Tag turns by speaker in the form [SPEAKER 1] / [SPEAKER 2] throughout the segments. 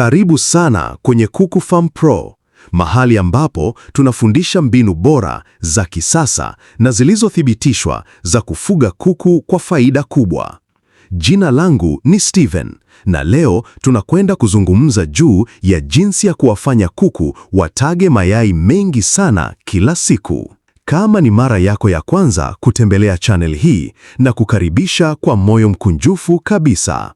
[SPEAKER 1] Karibu sana kwenye Kuku Farm Pro, mahali ambapo tunafundisha mbinu bora za kisasa na zilizothibitishwa za kufuga kuku kwa faida kubwa. Jina langu ni Steven na leo tunakwenda kuzungumza juu ya jinsi ya kuwafanya kuku watage mayai mengi sana kila siku. Kama ni mara yako ya kwanza kutembelea channel hii na kukaribisha kwa moyo mkunjufu kabisa.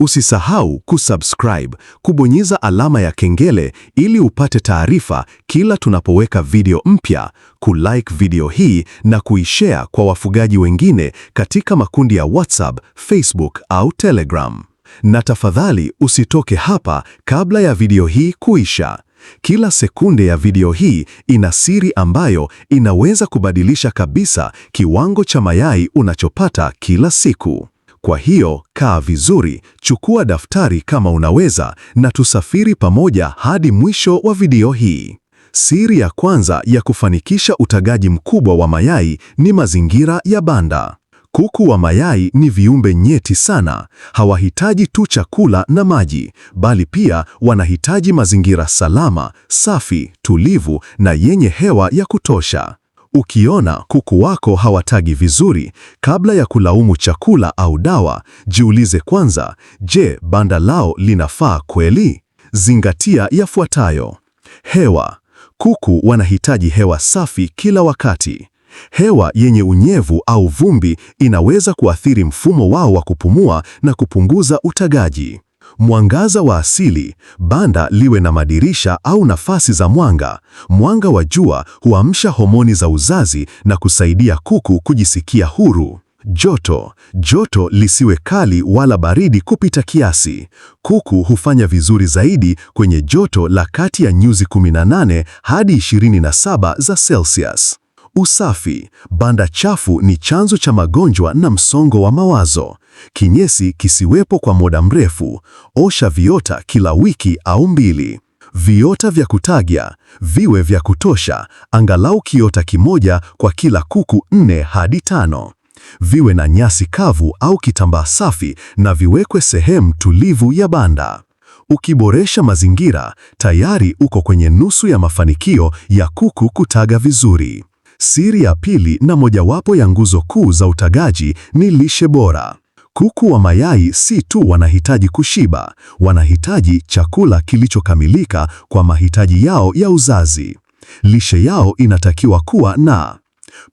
[SPEAKER 1] Usisahau kusubscribe, kubonyeza alama ya kengele ili upate taarifa kila tunapoweka video mpya, kulike video hii na kuishare kwa wafugaji wengine katika makundi ya WhatsApp, Facebook au Telegram. Na tafadhali usitoke hapa kabla ya video hii kuisha. Kila sekunde ya video hii ina siri ambayo inaweza kubadilisha kabisa kiwango cha mayai unachopata kila siku. Kwa hiyo kaa vizuri, chukua daftari kama unaweza, na tusafiri pamoja hadi mwisho wa video hii. Siri ya kwanza ya kufanikisha utagaji mkubwa wa mayai ni mazingira ya banda. Kuku wa mayai ni viumbe nyeti sana. Hawahitaji tu chakula na maji, bali pia wanahitaji mazingira salama, safi, tulivu na yenye hewa ya kutosha. Ukiona kuku wako hawatagi vizuri, kabla ya kulaumu chakula au dawa, jiulize kwanza, je, banda lao linafaa kweli? Zingatia yafuatayo. Hewa. Kuku wanahitaji hewa safi kila wakati. Hewa yenye unyevu au vumbi inaweza kuathiri mfumo wao wa kupumua na kupunguza utagaji mwangaza wa asili, banda liwe na madirisha au nafasi za mwanga. Mwanga wa jua huamsha homoni za uzazi na kusaidia kuku kujisikia huru. Joto, joto lisiwe kali wala baridi kupita kiasi. Kuku hufanya vizuri zaidi kwenye joto la kati ya nyuzi 18 hadi 27 za Celsius. Usafi: banda chafu ni chanzo cha magonjwa na msongo wa mawazo. Kinyesi kisiwepo kwa muda mrefu. Osha viota kila wiki au mbili. Viota vya kutagia viwe vya kutosha, angalau kiota kimoja kwa kila kuku nne hadi tano. Viwe na nyasi kavu au kitambaa safi na viwekwe sehemu tulivu ya banda. Ukiboresha mazingira, tayari uko kwenye nusu ya mafanikio ya kuku kutaga vizuri. Siri ya pili na mojawapo ya nguzo kuu za utagaji ni lishe bora. Kuku wa mayai si tu wanahitaji kushiba, wanahitaji chakula kilichokamilika kwa mahitaji yao ya uzazi. Lishe yao inatakiwa kuwa na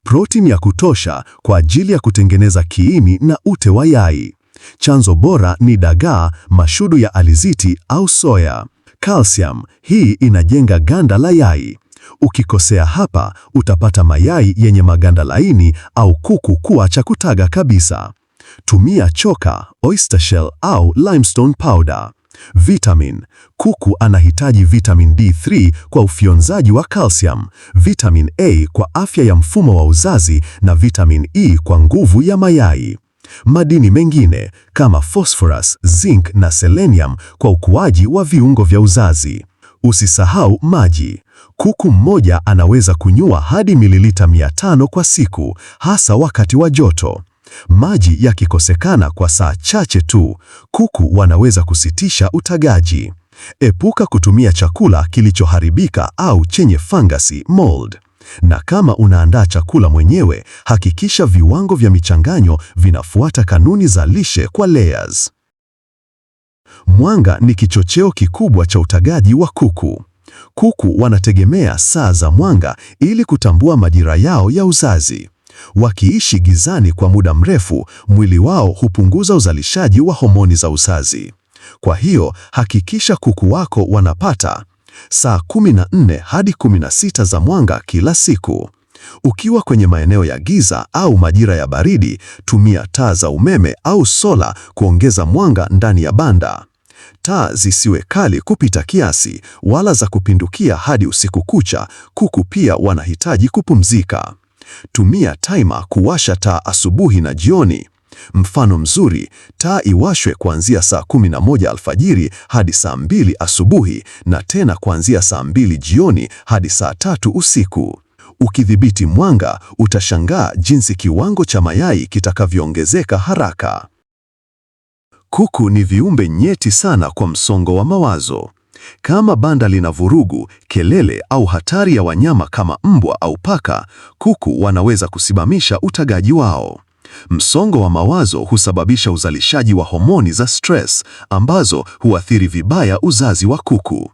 [SPEAKER 1] protini ya kutosha kwa ajili ya kutengeneza kiini na ute wa yai. Chanzo bora ni dagaa, mashudu ya alizeti au soya. Calcium, hii inajenga ganda la yai. Ukikosea hapa, utapata mayai yenye maganda laini au kuku kuwa cha kutaga kabisa. Tumia choka, oyster shell au limestone powder. Vitamin: kuku anahitaji vitamin D3 kwa ufyonzaji wa calcium, vitamin A kwa afya ya mfumo wa uzazi na vitamin E kwa nguvu ya mayai. Madini mengine kama phosphorus, zinc na selenium kwa ukuaji wa viungo vya uzazi. Usisahau maji. Kuku mmoja anaweza kunyua hadi mililita 500 kwa siku, hasa wakati wa joto. Maji yakikosekana kwa saa chache tu, kuku wanaweza kusitisha utagaji. Epuka kutumia chakula kilichoharibika au chenye fangasi mold. Na kama unaandaa chakula mwenyewe, hakikisha viwango vya michanganyo vinafuata kanuni za lishe kwa layers. Mwanga ni kichocheo kikubwa cha utagaji wa kuku. Kuku wanategemea saa za mwanga ili kutambua majira yao ya uzazi. Wakiishi gizani kwa muda mrefu, mwili wao hupunguza uzalishaji wa homoni za uzazi. Kwa hiyo, hakikisha kuku wako wanapata saa 14 hadi 16 za mwanga kila siku. Ukiwa kwenye maeneo ya giza au majira ya baridi, tumia taa za umeme au sola kuongeza mwanga ndani ya banda. Taa zisiwe kali kupita kiasi wala za kupindukia hadi usiku kucha. Kuku pia wanahitaji kupumzika. Tumia timer kuwasha taa asubuhi na jioni. Mfano mzuri, taa iwashwe kuanzia saa 11 alfajiri hadi saa 2 asubuhi na tena kuanzia saa 2 jioni hadi saa tatu usiku. Ukidhibiti mwanga, utashangaa jinsi kiwango cha mayai kitakavyoongezeka haraka. Kuku ni viumbe nyeti sana kwa msongo wa mawazo. Kama banda lina vurugu, kelele au hatari ya wanyama kama mbwa au paka, kuku wanaweza kusimamisha utagaji wao. Msongo wa mawazo husababisha uzalishaji wa homoni za stress ambazo huathiri vibaya uzazi wa kuku.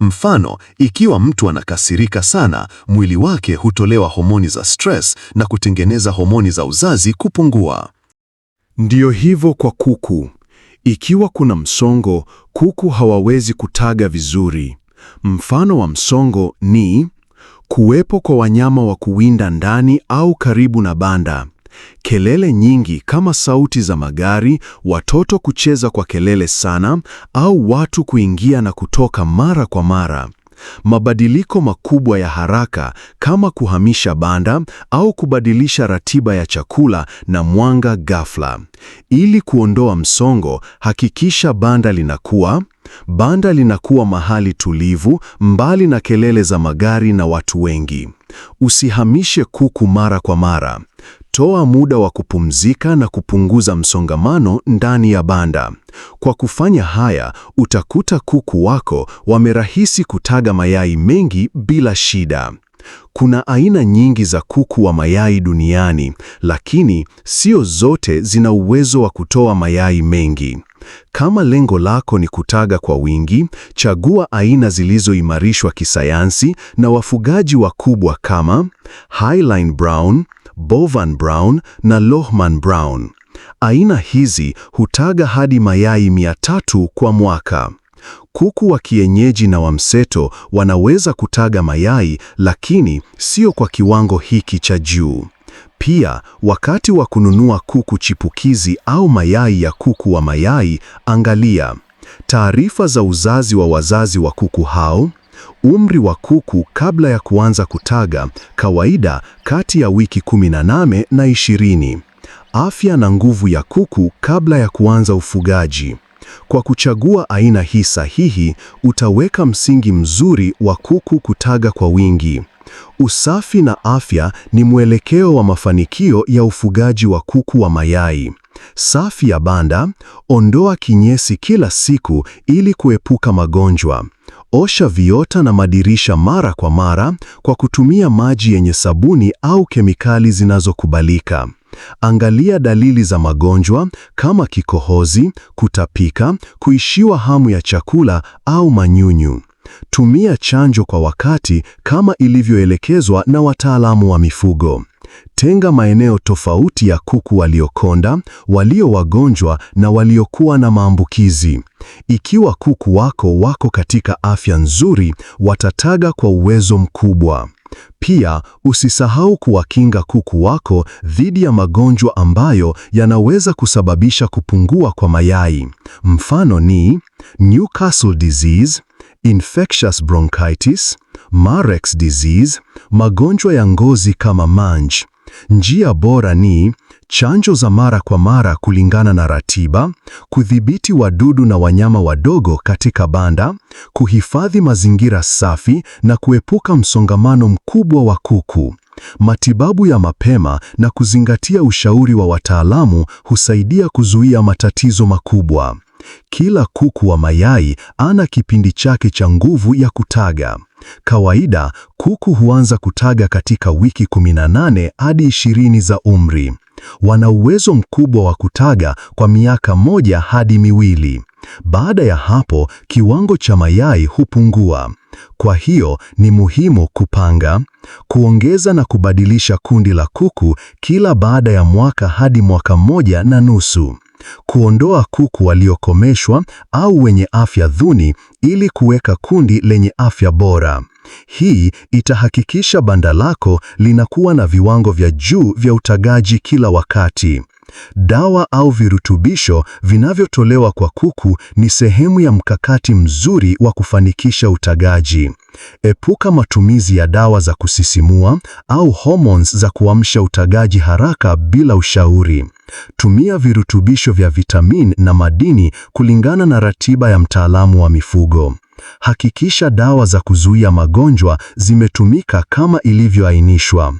[SPEAKER 1] Mfano, ikiwa mtu anakasirika sana, mwili wake hutolewa homoni za stress na kutengeneza homoni za uzazi kupungua.
[SPEAKER 2] Ndiyo hivyo kwa kuku. Ikiwa kuna msongo, kuku hawawezi kutaga vizuri. Mfano wa msongo ni kuwepo kwa wanyama wa kuwinda ndani au karibu na banda, kelele nyingi kama sauti za magari, watoto kucheza kwa kelele sana, au watu kuingia na kutoka mara kwa mara. Mabadiliko makubwa ya haraka kama kuhamisha banda au kubadilisha ratiba ya chakula na mwanga ghafla. Ili kuondoa msongo, hakikisha banda linakuwa banda linakuwa mahali tulivu, mbali na kelele za magari na watu wengi. Usihamishe kuku mara kwa mara. Toa muda wa kupumzika na kupunguza msongamano ndani ya banda. Kwa kufanya haya, utakuta kuku wako wamerahisi kutaga mayai mengi bila shida. Kuna aina nyingi za kuku wa mayai duniani, lakini sio zote zina uwezo wa kutoa mayai mengi. Kama lengo lako ni kutaga kwa wingi, chagua aina zilizoimarishwa kisayansi na wafugaji wakubwa kama Highline Brown Bovan Brown na lohman Brown. Aina hizi hutaga hadi mayai mia tatu kwa mwaka. Kuku wa kienyeji na wa mseto wanaweza kutaga mayai lakini sio kwa kiwango hiki cha juu. Pia, wakati wa kununua kuku chipukizi au mayai ya kuku wa mayai, angalia taarifa za uzazi wa wazazi wa kuku hao, Umri wa kuku kabla ya kuanza kutaga kawaida kati ya wiki 18 na 20. Afya na nguvu ya kuku kabla ya kuanza ufugaji. Kwa kuchagua aina hii sahihi, utaweka msingi mzuri wa kuku kutaga kwa wingi. Usafi na afya ni mwelekeo wa mafanikio ya ufugaji wa kuku wa mayai. Safi ya banda, ondoa kinyesi kila siku ili kuepuka magonjwa. Osha viota na madirisha mara kwa mara kwa kutumia maji yenye sabuni au kemikali zinazokubalika. Angalia dalili za magonjwa kama kikohozi, kutapika, kuishiwa hamu ya chakula au manyunyu. Tumia chanjo kwa wakati kama ilivyoelekezwa na wataalamu wa mifugo. Tenga maeneo tofauti ya kuku waliokonda, walio wagonjwa na waliokuwa na maambukizi. Ikiwa kuku wako wako katika afya nzuri, watataga kwa uwezo mkubwa. Pia usisahau kuwakinga kuku wako dhidi ya magonjwa ambayo yanaweza kusababisha kupungua kwa mayai. Mfano ni Newcastle disease, infectious bronchitis Marex disease, magonjwa ya ngozi kama mange. Njia bora ni chanjo za mara kwa mara kulingana na ratiba, kudhibiti wadudu na wanyama wadogo katika banda, kuhifadhi mazingira safi na kuepuka msongamano mkubwa wa kuku. Matibabu ya mapema na kuzingatia ushauri wa wataalamu husaidia kuzuia matatizo makubwa. Kila kuku wa mayai ana kipindi chake cha nguvu ya kutaga. Kawaida kuku huanza kutaga katika wiki 18 hadi 20 za umri. Wana uwezo mkubwa wa kutaga kwa miaka moja hadi miwili. Baada ya hapo, kiwango cha mayai hupungua. Kwa hiyo ni muhimu kupanga, kuongeza na kubadilisha kundi la kuku kila baada ya mwaka hadi mwaka mmoja na nusu. Kuondoa kuku waliokomeshwa au wenye afya dhuni ili kuweka kundi lenye afya bora. Hii itahakikisha banda lako linakuwa na viwango vya juu vya utagaji kila wakati. Dawa au virutubisho vinavyotolewa kwa kuku ni sehemu ya mkakati mzuri wa kufanikisha utagaji. Epuka matumizi ya dawa za kusisimua au hormones za kuamsha utagaji haraka bila ushauri. Tumia virutubisho vya vitamini na madini kulingana na ratiba ya mtaalamu wa mifugo. Hakikisha dawa za kuzuia magonjwa zimetumika kama ilivyoainishwa.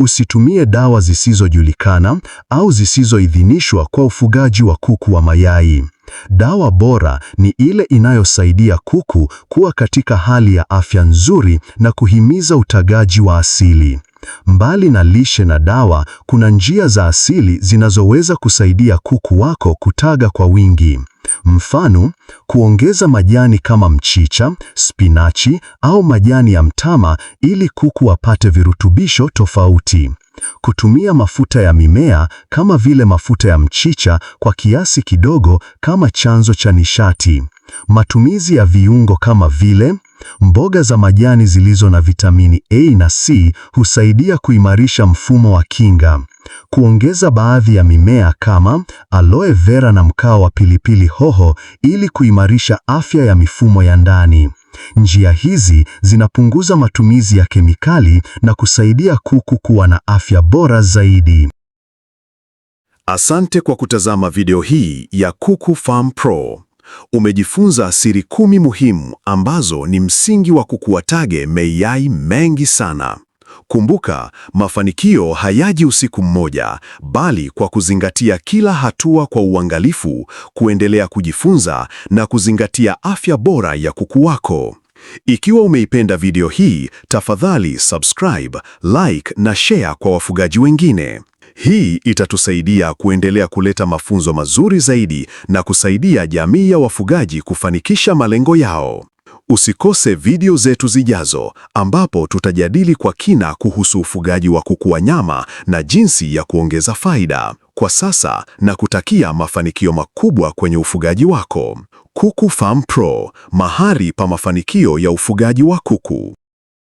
[SPEAKER 2] Usitumie dawa zisizojulikana au zisizoidhinishwa kwa ufugaji wa kuku wa mayai. Dawa bora ni ile inayosaidia kuku kuwa katika hali ya afya nzuri na kuhimiza utagaji wa asili. Mbali na lishe na dawa, kuna njia za asili zinazoweza kusaidia kuku wako kutaga kwa wingi. Mfano, kuongeza majani kama mchicha, spinachi au majani ya mtama ili kuku apate virutubisho tofauti. Kutumia mafuta ya mimea kama vile mafuta ya mchicha kwa kiasi kidogo kama chanzo cha nishati. Matumizi ya viungo kama vile Mboga za majani zilizo na vitamini A na C husaidia kuimarisha mfumo wa kinga. Kuongeza baadhi ya mimea kama aloe vera na mkaa wa pilipili hoho ili kuimarisha afya ya mifumo ya ndani. Njia hizi zinapunguza matumizi ya kemikali na kusaidia kuku kuwa na afya bora zaidi.
[SPEAKER 1] Asante kwa kutazama video hii ya Kuku Farm Pro umejifunza siri kumi muhimu ambazo ni msingi wa Tage mayai mengi sana. Kumbuka, mafanikio hayaji usiku mmoja, bali kwa kuzingatia kila hatua kwa uangalifu, kuendelea kujifunza na kuzingatia afya bora ya kuku wako. Ikiwa umeipenda video hii, tafadhali subscribe, like na share kwa wafugaji wengine. Hii itatusaidia kuendelea kuleta mafunzo mazuri zaidi na kusaidia jamii ya wafugaji kufanikisha malengo yao. Usikose video zetu zijazo ambapo tutajadili kwa kina kuhusu ufugaji wa kuku wa nyama na jinsi ya kuongeza faida. Kwa sasa na kutakia mafanikio makubwa kwenye ufugaji wako. Kuku Farm Pro, mahali pa mafanikio ya ufugaji wa kuku.